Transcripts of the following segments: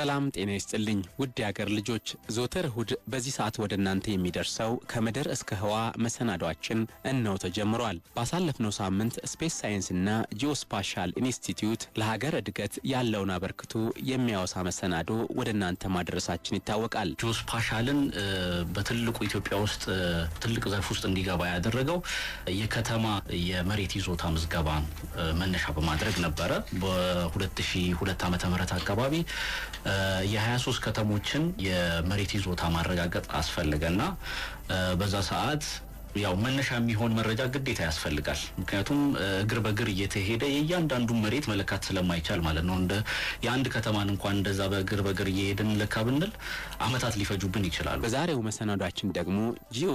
ሰላም ጤና ይስጥልኝ ውድ የአገር ልጆች፣ ዘወትር እሁድ በዚህ ሰዓት ወደ እናንተ የሚደርሰው ከምድር እስከ ህዋ መሰናዷችን እነው ተጀምሯል። ባሳለፍነው ሳምንት ስፔስ ሳይንስና ጂኦስፓሻል ኢንስቲትዩት ለሀገር እድገት ያለውን አበርክቶ የሚያወሳ መሰናዶ ወደ እናንተ ማድረሳችን ይታወቃል። ጂኦስፓሻልን በትልቁ ኢትዮጵያ ውስጥ ትልቅ ዘርፍ ውስጥ እንዲገባ ያደረገው የከተማ የመሬት ይዞታ ምዝገባን መነሻ በማድረግ ነበረ በ2002 ዓ ም አካባቢ የ23 ከተሞችን የመሬት ይዞታ ማረጋገጥ አስፈልገና በዛ ሰዓት ያው መነሻ የሚሆን መረጃ ግዴታ ያስፈልጋል። ምክንያቱም እግር በእግር እየተሄደ የእያንዳንዱ መሬት መለካት ስለማይቻል ማለት ነው። እንደ የአንድ ከተማን እንኳን እንደዛ በእግር በእግር እየሄድን ለካ ብንል አመታት ሊፈጁብን ይችላሉ። በዛሬው መሰናዷችን ደግሞ ጂኦ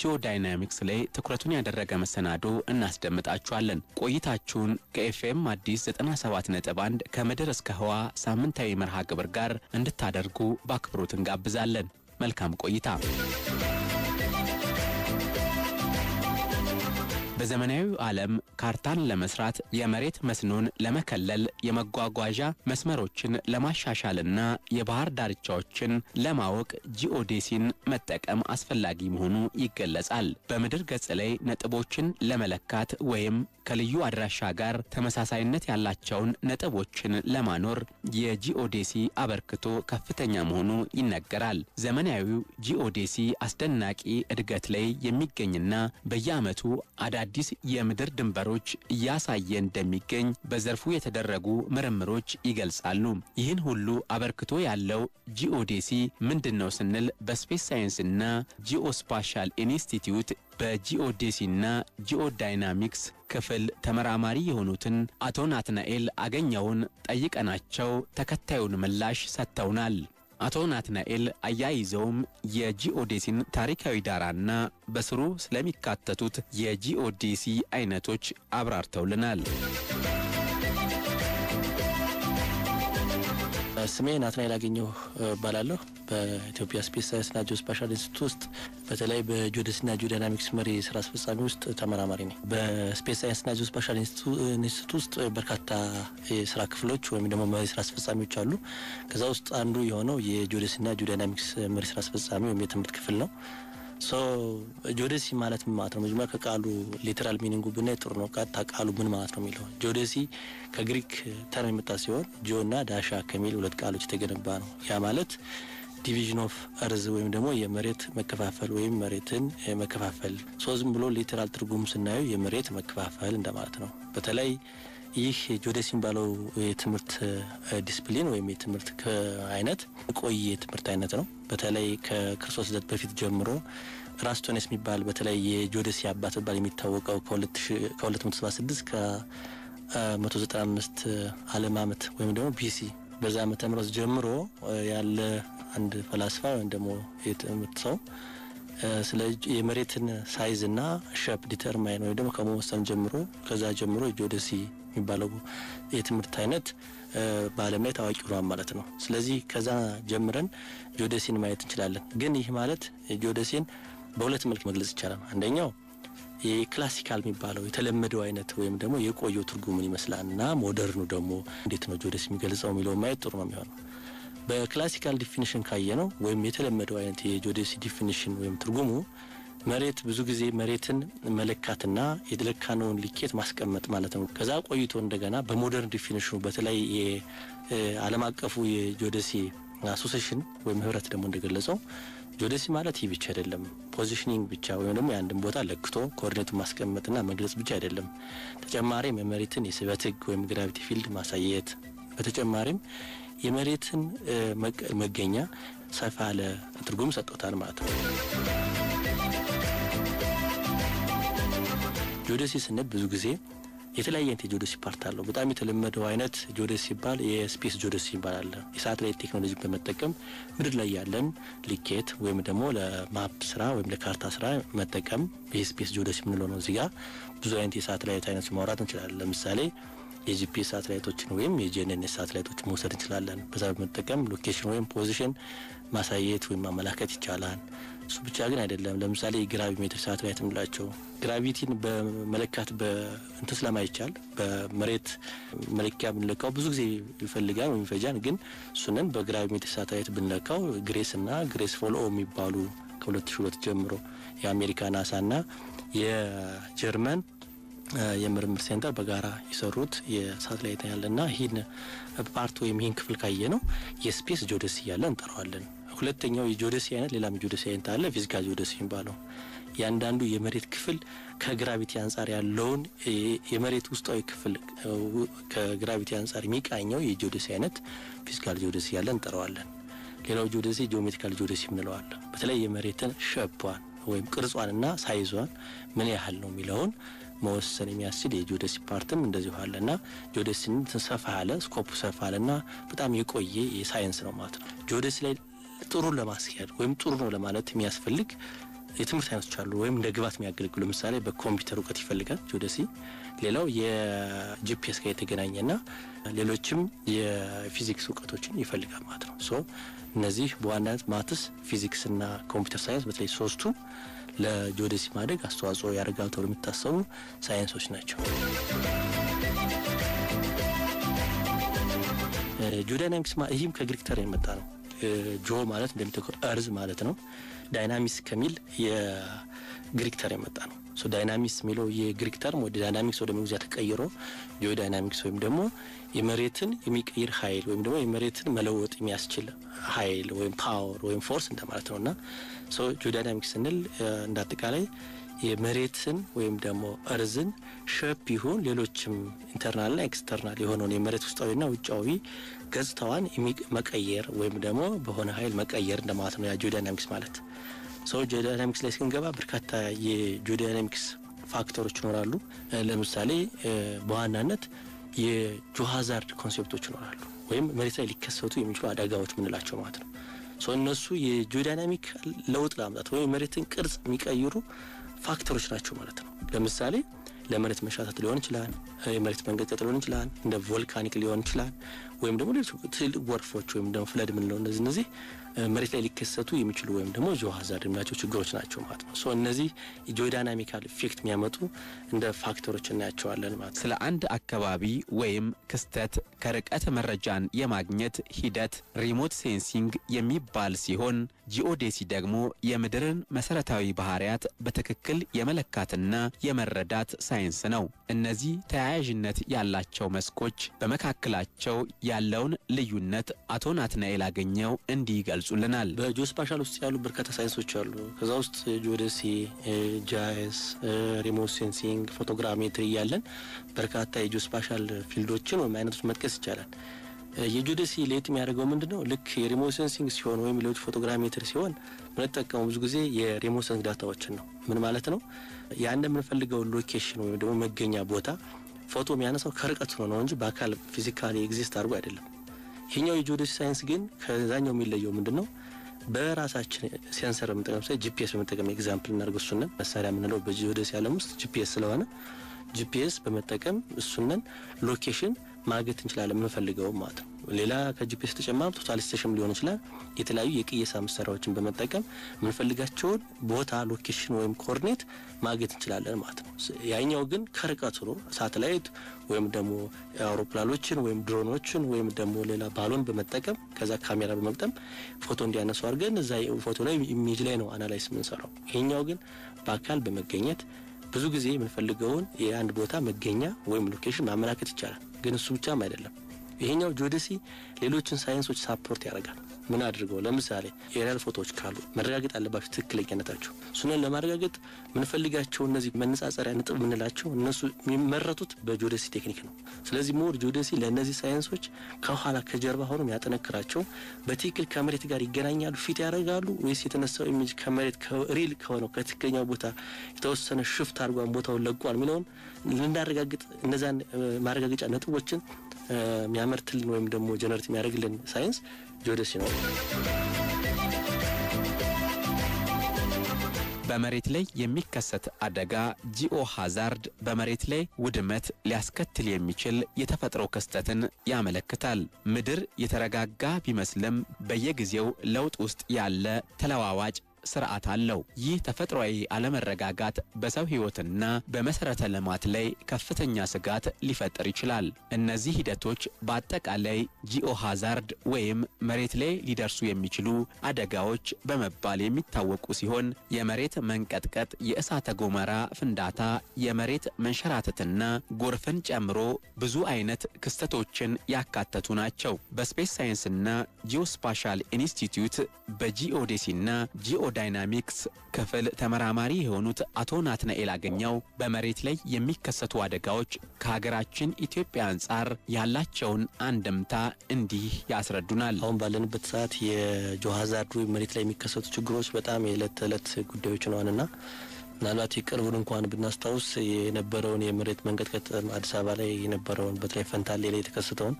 ጂኦዳይናሚክስ ላይ ትኩረቱን ያደረገ መሰናዶ እናስደምጣችኋለን። ቆይታችሁን ከኤፍኤም አዲስ 97 ነጥብ 1 ከምድር እስከ ህዋ ሳምንታዊ መርሃ ግብር ጋር እንድታደርጉ በአክብሮት እንጋብዛለን። መልካም ቆይታ በዘመናዊው ዓለም ካርታን ለመስራት፣ የመሬት መስኖን ለመከለል፣ የመጓጓዣ መስመሮችን ለማሻሻልና የባህር ዳርቻዎችን ለማወቅ ጂኦዴሲን መጠቀም አስፈላጊ መሆኑ ይገለጻል። በምድር ገጽ ላይ ነጥቦችን ለመለካት ወይም ከልዩ አድራሻ ጋር ተመሳሳይነት ያላቸውን ነጥቦችን ለማኖር የጂኦዴሲ አበርክቶ ከፍተኛ መሆኑ ይነገራል። ዘመናዊው ጂኦዴሲ አስደናቂ እድገት ላይ የሚገኝና በየዓመቱ አዳዲስ የምድር ድንበሮ ተግባሮች እያሳየ እንደሚገኝ በዘርፉ የተደረጉ ምርምሮች ይገልጻሉ። ይህን ሁሉ አበርክቶ ያለው ጂኦዴሲ ምንድን ነው ስንል በስፔስ ሳይንስና ጂኦስፓሻል ኢንስቲትዩት በጂኦዴሲና ጂኦዳይናሚክስ ክፍል ተመራማሪ የሆኑትን አቶ ናትናኤል አገኘውን ጠይቀናቸው ተከታዩን ምላሽ ሰጥተውናል። አቶ ናትናኤል አያይዘውም የጂኦዴሲን ታሪካዊ ዳራና በስሩ ስለሚካተቱት የጂኦዴሲ አይነቶች አብራርተውልናል። ስሜ ናትናኤል አገኘሁ እባላለሁ። በኢትዮጵያ ስፔስ ሳይንስና ጂኦስፓሻል ኢንስቲቱት ውስጥ በተለይ በጂኦደሲና ጂኦዳይናሚክስ መሪ ስራ አስፈጻሚ ውስጥ ተመራማሪ ነኝ። በስፔስ ሳይንስና ጂኦስፓሻል ኢንስቲቱት ውስጥ በርካታ የስራ ክፍሎች ወይም ደግሞ መሪ ስራ አስፈጻሚዎች አሉ። ከዛ ውስጥ አንዱ የሆነው የጂኦደሲና ጂኦዳይናሚክስ መሪ ስራ አስፈጻሚ ወይም የትምህርት ክፍል ነው። ጆዴሲ ማለት ምን ማለት ነው? መጀመሪያ ከቃሉ ሊተራል ሚኒንጉ ብናይ ጥሩ ነው። ቀጥታ ቃሉ ምን ማለት ነው የሚለው ጆዴሲ ከግሪክ ተርም የመጣ ሲሆን ጆና ዳሻ ከሚል ሁለት ቃሎች የተገነባ ነው። ያ ማለት ዲቪዥን ኦፍ እርዝ ወይም ደግሞ የመሬት መከፋፈል ወይም መሬትን መከፋፈል። ሶ ዝም ብሎ ሊተራል ትርጉም ስናየው የመሬት መከፋፈል እንደማለት ነው። በተለይ ይህ ጆዴስ የሚባለው የትምህርት ዲስፕሊን ወይም የትምህርት አይነት ቆይ የትምህርት አይነት ነው። በተለይ ከክርስቶስ ልደት በፊት ጀምሮ ራስቶኔስ የሚባል በተለይ የጆዴስ አባት ባል የሚታወቀው ከ276 ከ195 ዓለም ዓመት ወይም ደግሞ ቢሲ በዛ ዓመተ ምህረት ጀምሮ ያለ አንድ ፈላስፋ ወይም ደግሞ የትምህርት ሰው ስለ የመሬትን ሳይዝ እና ሸፕ ዲተርማይን ወይም ደግሞ ከመወሰን ጀምሮ ከዛ ጀምሮ የጆዴሲ የሚባለው የትምህርት አይነት በዓለም ላይ ታዋቂ ሆኗል ማለት ነው። ስለዚህ ከዛ ጀምረን ጆደሲን ማየት እንችላለን። ግን ይህ ማለት ጂኦደሲን በሁለት መልክ መግለጽ ይቻላል። አንደኛው የክላሲካል የሚባለው የተለመደው አይነት ወይም ደግሞ የቆየው ትርጉሙን ይመስላል እና ሞደርኑ ደግሞ እንዴት ነው ጆደስ የሚገልጸው የሚለው ማየት ጥሩ ነው የሚሆነው። በክላሲካል ዲፊኒሽን ካየ ነው ወይም የተለመደው አይነት የጆደሲ ዲፊኒሽን ወይም ትርጉሙ መሬት ብዙ ጊዜ መሬትን መለካትና የተለካነውን ልኬት ማስቀመጥ ማለት ነው። ከዛ ቆይቶ እንደገና በሞደርን ዲፊኒሽኑ በተለይ የዓለም አቀፉ የጂኦደሲ አሶሴሽን ወይም ህብረት ደግሞ እንደገለጸው ጂኦደሲ ማለት ይህ ብቻ አይደለም። ፖዚሽኒንግ ብቻ ወይም ደግሞ የአንድን ቦታ ለክቶ ኮኦርዲኔቱን ማስቀመጥና መግለጽ ብቻ አይደለም። ተጨማሪም የመሬትን የስበት ህግ ወይም ግራቪቲ ፊልድ ማሳየት፣ በተጨማሪም የመሬትን መገኛ ሰፋ ያለ ትርጉም ሰጥቶታል ማለት ነው። ጂኦዴሲ ስንል ብዙ ጊዜ የተለያየ አይነት የጂኦዴሲ ፓርት አለው። በጣም የተለመደው አይነት ጂኦዴሲ ሲባል የስፔስ ጂኦዴሲ ይባላል። የሳተላይት ቴክኖሎጂ በመጠቀም ምድር ላይ ያለን ልኬት ወይም ደግሞ ለማፕ ስራ ወይም ለካርታ ስራ መጠቀም ይህ ስፔስ የምንለው ነው። እዚጋ ብዙ አይነት የሳተላይት አይነት ማውራት እንችላለን። ለምሳሌ የጂፒኤስ ሳትላይቶችን ወይም የጂኤንኤስ ሳትላይቶችን መውሰድ እንችላለን። በዛ በመጠቀም ሎኬሽን ወይም ፖዚሽን ማሳየት ወይም ማመላከት ይቻላል። እሱ ብቻ ግን አይደለም። ለምሳሌ የግራቪሜትሪ ሳትላይት የምንላቸው ግራቪቲን በመለካት በእንትን ስለማይቻል በመሬት መለኪያ ብንለካው ብዙ ጊዜ ይፈልጋል ወይም ይፈጃል። ግን እሱንን በግራቪሜትሪ ሳትላይት ብንለካው ግሬስ እና ግሬስ ፎልኦ የሚባሉ ከ2002 ጀምሮ የአሜሪካ ናሳ እና የጀርመን የምርምር ሴንተር በጋራ የሰሩት የሳተላይት ና ይህን ፓርት ወይም ይህን ክፍል ካየ ነው የስፔስ ጆደሲ እያለ እንጠራዋለን። ሁለተኛው የጆደሲ አይነት ሌላም ጆደሲ አይነት አለ፣ ፊዚካል ጆደሲ የሚባለው ያንዳንዱ የመሬት ክፍል ከግራቪቲ አንጻር ያለውን የመሬት ውስጣዊ ክፍል ከግራቪቲ አንጻር የሚቃኘው የጆደሲ አይነት ፊዚካል ጆደሲ እያለ እንጠራዋለን። ሌላው ጆደሲ ጂኦሜትሪካል ጆደሲ እንለዋለን። በተለይ የመሬትን ሸፖን ወይም ቅርጿንና ሳይዟን ምን ያህል ነው የሚለውን መወሰን የሚያስችል የጂኦደሲ ፓርትም እንደዚሁ አለ እና ጂኦዴሲን ሰፋ ያለ ስኮፕ ሰፋ ያለ እና በጣም የቆየ የሳይንስ ነው ማለት ነው። ጂኦዴሲ ላይ ጥሩ ለማስያድ ወይም ጥሩ ነው ለማለት የሚያስፈልግ የትምህርት አይነቶች አሉ፣ ወይም እንደ ግባት የሚያገለግሉ ለምሳሌ በኮምፒውተር እውቀት ይፈልጋል ጂኦዴሲ። ሌላው የጂፒኤስ ጋር የተገናኘና ሌሎችም የፊዚክስ እውቀቶችን ይፈልጋል ማለት ነው። ሶ እነዚህ በዋናነት ማትስ፣ ፊዚክስና ኮምፒውተር ሳይንስ በተለይ ሶስቱ ለጂኦዴሲ ማደግ አስተዋጽኦ ያደርጋል ተብሎ የሚታሰቡ ሳይንሶች ናቸው። ጂኦዳይናሚክስ ይህም ከግሪክ ተር የመጣ ነው። ጆ ማለት እንደሚተው እርዝ ማለት ነው። ዳይናሚክስ ከሚል የግሪክ ተር የመጣ ነው። ዳይናሚክስ የሚለው የግሪክ ተርም ወደ ዳይናሚክስ ወደ መግዚያ ተቀይሮ ጂኦ ዳይናሚክስ ወይም ደግሞ የመሬትን የሚቀይር ኃይል ወይም ደግሞ የመሬትን መለወጥ የሚያስችል ኃይል ወይም ፓወር ወይም ፎርስ እንደማለት ነው እና ጂኦ ዳይናሚክስ ስንል እንደ አጠቃላይ የመሬትን ወይም ደግሞ እርዝን ሸፕ ይሁን ሌሎችም ኢንተርናልና ኤክስተርናል የሆነውን የመሬት ውስጣዊና ውጫዊ ገጽታዋን መቀየር ወይም ደግሞ በሆነ ኃይል መቀየር እንደማለት ነው ጂኦ ዳይናሚክስ ማለት። ሰው ጂኦዳይናሚክስ ላይ ስንገባ በርካታ የጂኦዳይናሚክስ ፋክተሮች ይኖራሉ። ለምሳሌ በዋናነት የጆሃዛርድ ኮንሴፕቶች ይኖራሉ፣ ወይም መሬት ላይ ሊከሰቱ የሚችሉ አደጋዎች ምንላቸው ማለት ነው። እነሱ የጂኦዳይናሚክ ለውጥ ለማምጣት ወይም መሬትን ቅርጽ የሚቀይሩ ፋክተሮች ናቸው ማለት ነው። ለምሳሌ ለመሬት መሻታት ሊሆን ይችላል፣ የመሬት መንቀጥቀጥ ሊሆን ይችላል፣ እንደ ቮልካኒክ ሊሆን ይችላል፣ ወይም ደግሞ ሌሎች ትልቅ ጎርፎች ወይም ደግሞ ፍለድ ምንለው እነዚህ እነዚህ መሬት ላይ ሊከሰቱ የሚችሉ ወይም ደግሞ ጂኦ ሀዛርድ የምናቸው ችግሮች ናቸው ማለት ነው። እነዚህ ጂኦዳይናሚካል ኢፌክት የሚያመጡ እንደ ፋክተሮች እናያቸዋለን ማለት ነው። ስለ አንድ አካባቢ ወይም ክስተት ከርቀት መረጃን የማግኘት ሂደት ሪሞት ሴንሲንግ የሚባል ሲሆን ጂኦዴሲ ደግሞ የምድርን መሰረታዊ ባህሪያት በትክክል የመለካትና የመረዳት ሳይንስ ነው። እነዚህ ተያያዥነት ያላቸው መስኮች በመካከላቸው ያለውን ልዩነት አቶ ናትናኤል አገኘው እንዲህ ይገልጹልናል። በጂኦስፓሻል ውስጥ ያሉ በርካታ ሳይንሶች አሉ። ከዛ ውስጥ ጂኦዴሲ፣ ጃይስ፣ ሪሞት ሴንሲንግ፣ ፎቶግራሜትሪ እያለን በርካታ የጂኦስፓሻል ፊልዶችን ወይም አይነቶች መጥቀስ ይቻላል። የጁደሲ ለየት የሚያደርገው ምንድነው? ልክ የሪሞ ሴንሲንግ ሲሆን ወይም ሌሎች ፎቶግራሜትር ሲሆን የምንጠቀመው ብዙ ጊዜ የሪሞት ዳታዎችን ነው። ምን ማለት ነው? ያን የምንፈልገው ሎኬሽን ወይም ደግሞ መገኛ ቦታ ፎቶ የሚያነሳው ከርቀት ሆኖ ነው እንጂ በአካል ፊዚካሊ ኤግዚስት አድርጎ አይደለም። ይህኛው የጂኦዴሲ ሳይንስ ግን ከዛኛው የሚለየው ነው? በራሳችን ሴንሰር በመጠቀም ሳይ ጂፒኤስ በመጠቀም ኤግዛምፕል እናድርግ። እሱንን መሳሪያ የምንለው በጂኦዴሲ ዓለም ውስጥ ጂፒኤስ ስለሆነ ጂፒኤስ በመጠቀም እሱንን ሎኬሽን ማግኘት እንችላለን የምንፈልገው ማለት ነው። ሌላ ከጂፒኤስ ተጨማሪ ቶታል ስቴሽን ሊሆን ይችላል። የተለያዩ የቅየሳ መሳሪያዎችን በመጠቀም የምንፈልጋቸውን ቦታ ሎኬሽን ወይም ኮርኔት ማግኘት እንችላለን ማለት ነው። ያኛው ግን ከርቀት ሆኖ ሳተላይት ወይም ደግሞ አውሮፕላኖችን ወይም ድሮኖችን ወይም ደግሞ ሌላ ባሎን በመጠቀም ከዛ ካሜራ በመቅጠም ፎቶ እንዲያነሱ አድርገን እዛ ፎቶ ላይ ኢሜጅ ላይ ነው አናላይስ የምንሰራው። ይሄኛው ግን በአካል በመገኘት ብዙ ጊዜ የምንፈልገውን የአንድ ቦታ መገኛ ወይም ሎኬሽን ማመላከት ይቻላል። ግን እሱ ብቻም አይደለም። ይሄኛው ጆደሲ ሌሎችን ሳይንሶች ሳፖርት ያደርጋል። ምን አድርገው ለምሳሌ የሪያል ፎቶዎች ካሉ መረጋገጥ አለባቸው ትክክለኛነታቸው። እሱንን ለማረጋገጥ ምንፈልጋቸው እነዚህ መነጻጸሪያ ነጥብ ምንላቸው እነሱ የሚመረቱት በጂኦደሲ ቴክኒክ ነው። ስለዚህ ሞር ጂኦደሲ ለእነዚህ ሳይንሶች ከኋላ ከጀርባ ሆኖ ያጠነክራቸው በትክክል ከመሬት ጋር ይገናኛሉ፣ ፊት ያደርጋሉ ወይስ የተነሳው ኢሜጅ ከመሬት ሪል ከሆነው ከትክክለኛው ቦታ የተወሰነ ሽፍት አድርጓን ቦታውን ለቋል የሚለውን ልናረጋግጥ እነዛን ማረጋገጫ ነጥቦችን የሚያመርትልን ወይም ደግሞ ጀነሬት የሚያደርግልን ሳይንስ ጆደሲ ነው። በመሬት ላይ የሚከሰት አደጋ ጂኦ ሃዛርድ በመሬት ላይ ውድመት ሊያስከትል የሚችል የተፈጥሮ ክስተትን ያመለክታል። ምድር የተረጋጋ ቢመስልም በየጊዜው ለውጥ ውስጥ ያለ ተለዋዋጭ ስርዓት አለው። ይህ ተፈጥሯዊ አለመረጋጋት በሰው ሕይወትና በመሰረተ ልማት ላይ ከፍተኛ ስጋት ሊፈጥር ይችላል። እነዚህ ሂደቶች በአጠቃላይ ጂኦ ሃዛርድ ወይም መሬት ላይ ሊደርሱ የሚችሉ አደጋዎች በመባል የሚታወቁ ሲሆን የመሬት መንቀጥቀጥ፣ የእሳተ ጎመራ ፍንዳታ፣ የመሬት መንሸራተትና ጎርፍን ጨምሮ ብዙ አይነት ክስተቶችን ያካተቱ ናቸው። በስፔስ ሳይንስና ጂኦስፓሻል ኢንስቲትዩት በጂኦዴሲና ጂኦዳ ዳይናሚክስ ክፍል ተመራማሪ የሆኑት አቶ ናትናኤል አገኘው በመሬት ላይ የሚከሰቱ አደጋዎች ከሀገራችን ኢትዮጵያ አንጻር ያላቸውን አንድምታ እንዲህ ያስረዱናል። አሁን ባለንበት ሰዓት የጆ መሬት ላይ የሚከሰቱ ችግሮች በጣም የዕለት ተዕለት ጉዳዮች ነዋንና ምናልባት የቅርቡን እንኳን ብናስታውስ የነበረውን የመሬት መንቀጥቀጥ አዲስ አበባ ላይ የነበረውን በተለይ ፈንታሌ ላይ የተከሰተውን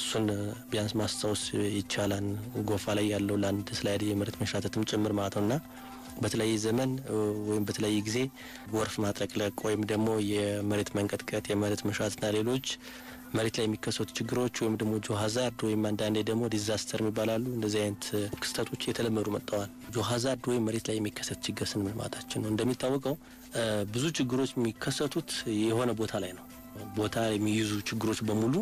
እሱን ቢያንስ ማስታወስ ይቻላል። ጎፋ ላይ ያለው ለአንድ ስላይድ የመሬት መንሸራተትም ጭምር ማለት ነውና በተለያየ ዘመን ወይም በተለያየ ጊዜ ጎርፍ ማጥለቅለቅ ወይም ደግሞ የመሬት መንቀጥቀጥ፣ የመሬት መንሸራተትና ሌሎች መሬት ላይ የሚከሰቱ ችግሮች ወይም ደግሞ ሀዛርድ ወይም አንዳንዴ ደግሞ ዲዛስተር ይባላሉ። እንደዚህ አይነት ክስተቶች የተለመዱ መጥተዋል። ሀዛርድ ወይም መሬት ላይ የሚከሰት ችግር ስንምል ማለታችን ነው። እንደሚታወቀው ብዙ ችግሮች የሚከሰቱት የሆነ ቦታ ላይ ነው። ቦታ የሚይዙ ችግሮች በሙሉ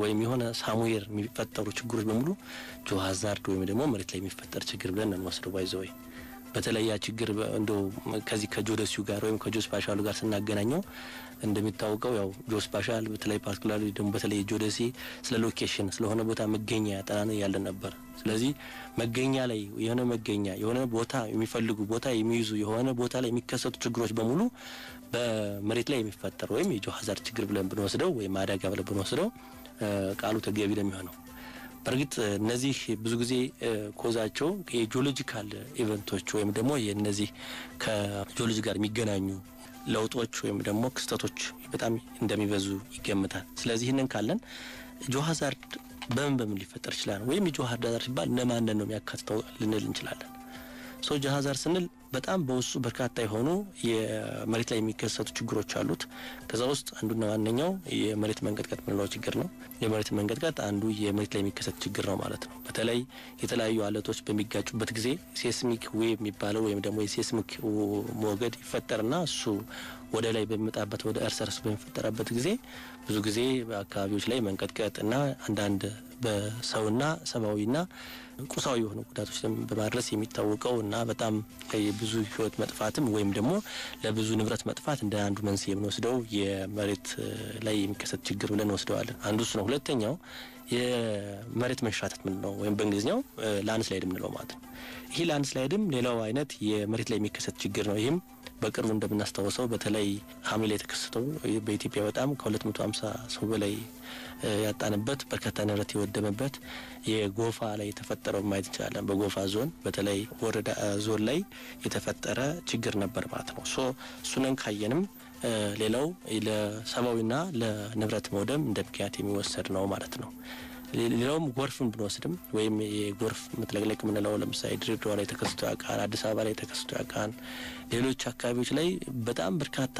ወይም የሆነ ሳሙዌር የሚፈጠሩ ችግሮች በሙሉ ጆ ሀዛርድ ወይም ደግሞ መሬት ላይ የሚፈጠር ችግር ብለን እንወስደው ባይዘ ወይ በተለያ ችግር እንደ ከዚህ ከጆደሲው ጋር ወይም ከጆስ ባሻሉ ጋር ስናገናኘው እንደሚታወቀው ያው ጆስ ባሻል በተለይ ፓርቲኩላር ደግሞ በተለይ ጆደሲ ስለ ሎኬሽን ስለሆነ ቦታ መገኛ ያጠናን ያለ ነበር። ስለዚህ መገኛ ላይ የሆነ መገኛ የሆነ ቦታ የሚፈልጉ ቦታ የሚይዙ የሆነ ቦታ ላይ የሚከሰቱ ችግሮች በሙሉ በመሬት ላይ የሚፈጠር ወይም የጆ ሀዛርድ ችግር ብለን ብንወስደው ወይም አደጋ ብለን ብንወስደው ቃሉ ተገቢ ነው የሚሆነው። በእርግጥ እነዚህ ብዙ ጊዜ ኮዛቸው የጂኦሎጂካል ኢቨንቶች ወይም ደግሞ እነዚህ ከጂኦሎጂ ጋር የሚገናኙ ለውጦች ወይም ደግሞ ክስተቶች በጣም እንደሚበዙ ይገምታል። ስለዚህ ይህንን ካለን ጆሃዛርድ በምን በምን ሊፈጠር ይችላል ወይም የጆሃዛርድ ሲባል እነማንን ነው የሚያካትተው ልንል እንችላለን። ሶ ጆሃዛርድ ስንል በጣም በውስጡ በርካታ የሆኑ የመሬት ላይ የሚከሰቱ ችግሮች አሉት። ከዛ ውስጥ አንዱና ዋነኛው የመሬት መንቀጥቀጥ ምንለው ችግር ነው። የመሬት መንቀጥቀጥ አንዱ የመሬት ላይ የሚከሰት ችግር ነው ማለት ነው። በተለይ የተለያዩ አለቶች በሚጋጩበት ጊዜ ሴስሚክ ዌብ የሚባለው ወይም ደግሞ የሴስሚክ ሞገድ ይፈጠርና እሱ ወደ ላይ በሚመጣበት ወደ እርስ እርስ በሚፈጠረበት ጊዜ ብዙ ጊዜ በአካባቢዎች ላይ መንቀጥቀጥ እና አንዳንድ በሰውና ሰብአዊና ቁሳዊ የሆኑ ጉዳቶች በማድረስ የሚታወቀው እና በጣም የብዙ ህይወት መጥፋትም ወይም ደግሞ ለብዙ ንብረት መጥፋት እንደ አንዱ መንስኤ የምንወስደው የመሬት ላይ የሚከሰት ችግር ብለን ወስደዋለን። አንዱ እሱ ነው። ሁለተኛው የመሬት መንሸራተት ምንለው ወይም በእንግሊዝኛው ላንድ ስላይድ ምንለው ማለት ነው። ይሄ ላንድ ስላይድም ሌላው አይነት የመሬት ላይ የሚከሰት ችግር ነው። ይህም በቅርቡ እንደምናስታውሰው በተለይ ሐምሌ ላይ የተከሰተው በኢትዮጵያ በጣም ከ250 ሰው በላይ ያጣንበት በርካታ ንብረት የወደመበት የጎፋ ላይ የተፈጠረው ማየት እንችላለን። በጎፋ ዞን በተለይ ወረዳ ዞን ላይ የተፈጠረ ችግር ነበር ማለት ነው። ሶ እሱንን ካየንም ሌላው ለሰብአዊና ለንብረት መውደም እንደ ምክንያት የሚወሰድ ነው ማለት ነው። ሌላውም ጎርፍን ብንወስድም ወይም የጎርፍ መጥለቅለቅ የምንለው ለምሳሌ ድሬዳዋ ላይ ተከስቶ ያውቃል፣ አዲስ አበባ ላይ ተከስቶ ያውቃል። ሌሎች አካባቢዎች ላይ በጣም በርካታ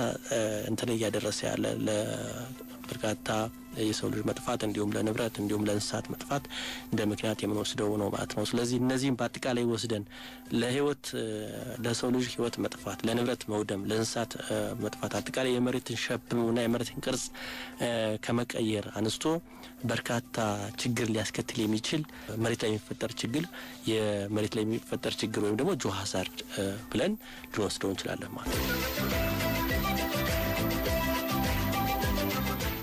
እንትን እያደረሰ ያለ ለበርካታ የሰው ልጅ መጥፋት እንዲሁም ለንብረት እንዲሁም ለእንስሳት መጥፋት እንደ ምክንያት የምንወስደው ነው ማለት ነው። ስለዚህ እነዚህም በአጠቃላይ ወስደን ለህይወት ለሰው ልጅ ህይወት መጥፋት፣ ለንብረት መውደም፣ ለእንስሳት መጥፋት አጠቃላይ የመሬትን ሸብምና የመሬትን ቅርጽ ከመቀየር አንስቶ በርካታ ችግር ሊያስከትል የሚችል መሬት ላይ የሚፈጠር ችግር የመሬት ላይ የሚፈጠር ችግር ወይም ደግሞ ጆሃዛርድ ብለን ልንወስደው እንችላለን ማለት ነው።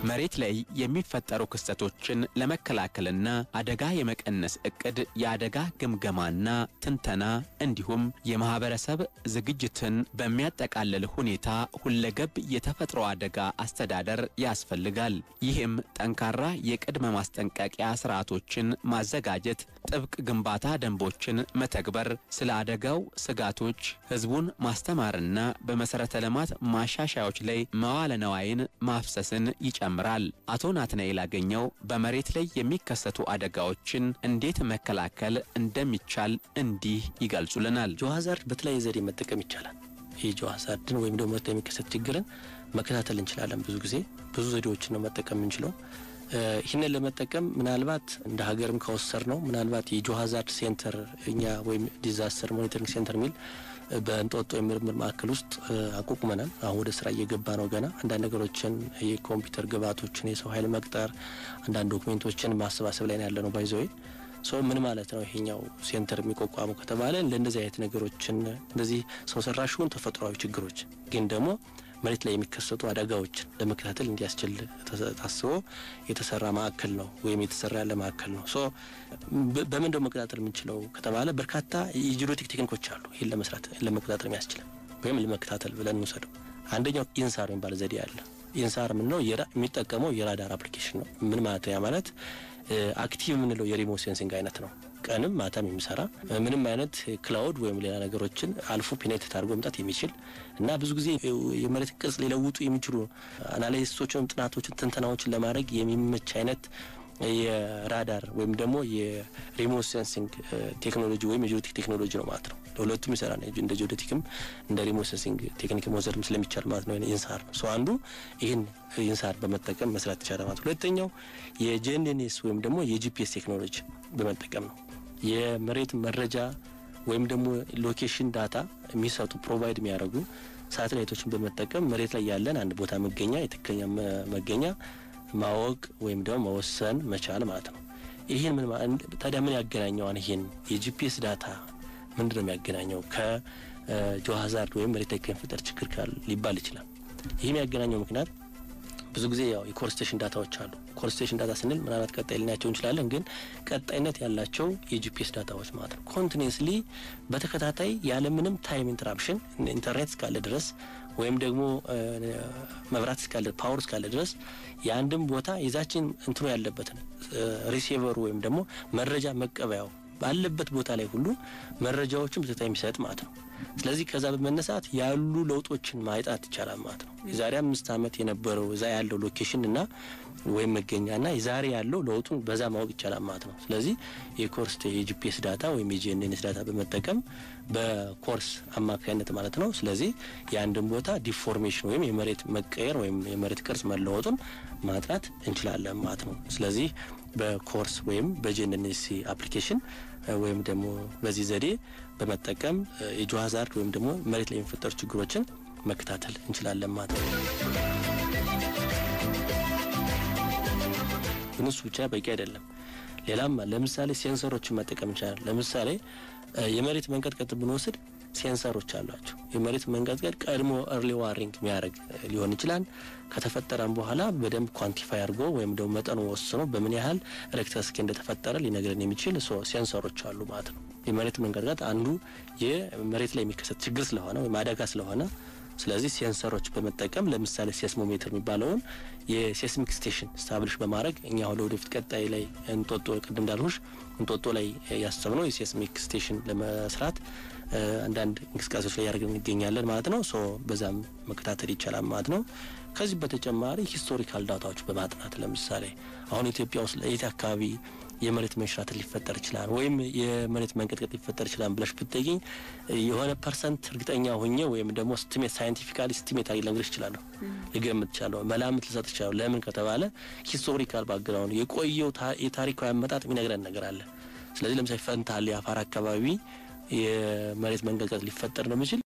መሬት ላይ የሚፈጠሩ ክስተቶችን ለመከላከልና አደጋ የመቀነስ እቅድ፣ የአደጋ ግምገማና ትንተና እንዲሁም የማህበረሰብ ዝግጅትን በሚያጠቃልል ሁኔታ ሁለገብ የተፈጥሮ አደጋ አስተዳደር ያስፈልጋል። ይህም ጠንካራ የቅድመ ማስጠንቀቂያ ስርዓቶችን ማዘጋጀት፣ ጥብቅ ግንባታ ደንቦችን መተግበር፣ ስለ አደጋው ስጋቶች ህዝቡን ማስተማርና በመሰረተ ልማት ማሻሻያዎች ላይ መዋለ ነዋይን ማፍሰስን ይጨምራል። ይጨምራል። አቶ ናትናኤል አገኘው በመሬት ላይ የሚከሰቱ አደጋዎችን እንዴት መከላከል እንደሚቻል እንዲህ ይገልጹልናል። ጆ በተለያየ ዘዴ መጠቀም ይቻላል። ይህ ጆ ወይም ደግሞ መሬት የሚከሰት ችግርን መከታተል እንችላለን። ብዙ ጊዜ ብዙ ዘዴዎችን ነው መጠቀም የምንችለው። ይህንን ለመጠቀም ምናልባት እንደ ሀገርም ከወሰር ነው ምናልባት የጆሃዛርድ ሴንተር እኛ ወይም ዲዛስተር ሞኒተሪንግ ሴንተር የሚል በእንጦጦ የምርምር ማዕከል ውስጥ አቋቁመናል። አሁን ወደ ስራ እየገባ ነው። ገና አንዳንድ ነገሮችን የኮምፒውተር ግብዓቶችን፣ የሰው ኃይል መቅጠር፣ አንዳንድ ዶክሜንቶችን ማሰባሰብ ላይ ያለ ነው ባይዘዌ ሶ ምን ማለት ነው ይሄኛው ሴንተር የሚቋቋመው ከተባለ ለእንደዚህ አይነት ነገሮችን እንደዚህ ሰው ሰራሽውን ተፈጥሯዊ ችግሮች ግን ደግሞ መሬት ላይ የሚከሰቱ አደጋዎችን ለመከታተል እንዲያስችል ታስቦ የተሰራ ማዕከል ነው ወይም የተሰራ ያለ ማዕከል ነው። ሶ በምን ደው የምንችለው ከተባለ በርካታ የጂኦሎጂክ ቴክኒኮች አሉ። ይህን ለመስራት ለመቆጣጠር የሚያስችል ወይም ለመከታተል ብለን እንውሰደው። አንደኛው ኢንሳር የሚባል ዘዴ አለ። ኢንሳር ምንነው የሚጠቀመው የራዳር አፕሊኬሽን ነው። ምን ማለት ያ ማለት አክቲቭ የምንለው የሪሞት ሴንሲንግ አይነት ነው። ቀንም ማታም የሚሰራ ምንም አይነት ክላውድ ወይም ሌላ ነገሮችን አልፎ ፒኔትት አድርጎ መምጣት የሚችል እና ብዙ ጊዜ የመሬት ቅርጽ ሊለውጡ የሚችሉ አናላይሶችን፣ ጥናቶችን፣ ትንተናዎችን ለማድረግ የሚመች አይነት የራዳር ወይም ደግሞ የሪሞት ሴንሲንግ ቴክኖሎጂ ወይም የጂኦቴክ ቴክኖሎጂ ነው ማለት ነው። ለሁለቱም ይሰራ ነው። እንደ ጂኦቴክም እንደ ሪሞት ሴንሲንግ ቴክኒክ መውሰድም ስለሚቻል ማለት ነው። ኢንሳር ነው ሰው አንዱ ይህን ኢንሳር በመጠቀም መስራት ይቻላል ማለት። ሁለተኛው የጂኤንኤስኤስ ወይም ደግሞ የጂፒኤስ ቴክኖሎጂ በመጠቀም ነው። የመሬት መረጃ ወይም ደግሞ ሎኬሽን ዳታ የሚሰጡ ፕሮቫይድ የሚያደርጉ ሳተላይቶችን በመጠቀም መሬት ላይ ያለን አንድ ቦታ መገኛ የትክክለኛ መገኛ ማወቅ ወይም ደግሞ መወሰን መቻል ማለት ነው። ይህን ታዲያ ምን ያገናኘዋል? ይህን የጂፒኤስ ዳታ ምንድን ነው የሚያገናኘው ከጆሃዛርድ ወይም መሬት ላይ ከሚፈጠር ችግር ሊባል ይችላል። ይህ የሚያገናኘው ምክንያት ብዙ ጊዜ ያው የኮንስቴሽን ዳታዎች አሉ። ኮንስቴሽን ዳታ ስንል ምናልባት ቀጣይ ልናያቸው እንችላለን፣ ግን ቀጣይነት ያላቸው የጂፒኤስ ዳታዎች ማለት ነው። ኮንቲኒስሊ በተከታታይ ያለምንም ታይም ኢንተራፕሽን ኢንተርኔት እስካለ ድረስ ወይም ደግሞ መብራት እስካለ ፓወር እስካለ ድረስ የአንድም ቦታ የዛችን እንትኑ ያለበትን ሪሲቨሩ ወይም ደግሞ መረጃ መቀበያው ባለበት ቦታ ላይ ሁሉ መረጃዎችን ብትታ የሚሰጥ ማለት ነው። ስለዚህ ከዛ በመነሳት ያሉ ለውጦችን ማየጣት ይቻላል ማለት ነው። የዛሬ አምስት ዓመት የነበረው እዛ ያለው ሎኬሽን እና ወይም መገኛና የዛሬ ያለው ለውጡን በዛ ማወቅ ይቻላል ማለት ነው። ስለዚህ የኮርስ የጂፒኤስ ዳታ ወይም የጂኤንኤስ ዳታ በመጠቀም በኮርስ አማካኝነት ማለት ነው። ስለዚህ የአንድን ቦታ ዲፎርሜሽን ወይም የመሬት መቀየር ወይም የመሬት ቅርጽ መለወጡን ማጥናት እንችላለን ማለት ነው። ስለዚህ በኮርስ ወይም በጂኤንኤስ አፕሊኬሽን ወይም ደግሞ በዚህ ዘዴ በመጠቀም የጆ ሀዛርድ ወይም ደግሞ መሬት ላይ የሚፈጠሩ ችግሮችን መከታተል እንችላለን ማለት ነው። ግን እሱ ብቻ በቂ አይደለም። ሌላም ለምሳሌ ሴንሰሮችን መጠቀም እንችላለን። ለምሳሌ የመሬት መንቀጥቀጥ ብንወስድ ሴንሰሮች አሏቸው። የመሬት መንቀጥቀጥ ቀድሞ እርሊ ዋሪንግ የሚያደርግ ሊሆን ይችላል። ከተፈጠረም በኋላ በደንብ ኳንቲፋይ አድርጎ ወይም ደግሞ መጠኑ ወስኖ በምን ያህል ሬክተር ስኬል እንደተፈጠረ ሊነግረን የሚችል ሴንሰሮች አሉ ማለት ነው። የመሬት መንቀጥቀጥ አንዱ የመሬት ላይ የሚከሰት ችግር ስለሆነ ወይም አደጋ ስለሆነ ስለዚህ ሴንሰሮች በመጠቀም ለምሳሌ ሴስሞሜትር የሚባለውን የሴስሚክ ስቴሽን ስታብልሽ በማድረግ እኛ ሁለ ወደፊት ቀጣይ ላይ እንጦጦ ቅድም እንዳልሁሽ እንጦጦ ላይ ያሰብነው የሴስሚክ ስቴሽን ለመስራት አንዳንድ እንቅስቃሴዎች ላይ ያደርግ እንገኛለን ማለት ነው። በዛም መከታተል ይቻላል ማለት ነው። ከዚህ በተጨማሪ ሂስቶሪካል ዳታዎች በማጥናት ለምሳሌ አሁን ኢትዮጵያ ውስጥ ለየት አካባቢ የመሬት መንሸራተት ሊፈጠር ይችላል ወይም የመሬት መንቀጥቀጥ ሊፈጠር ይችላል ብለሽ ብትጠይኝ የሆነ ፐርሰንት እርግጠኛ ሆኜ ወይም ደግሞ ስቲሜት ሳይንቲፊካሊ ስቲሜት አይ ልነግርሽ እችላለሁ፣ ልገምት እችላለሁ፣ መላምት ልሰጥ እችላለሁ። ለምን ከተባለ ሂስቶሪካል ባክግራውንድ የቆየው የታሪካዊ አመጣጥ የሚነግረን ነገር አለ። ስለዚህ ለምሳሌ ፈንታሌ አፋር አካባቢ የመሬት መንቀጥቀጥ ሊፈጠር ነው የሚችል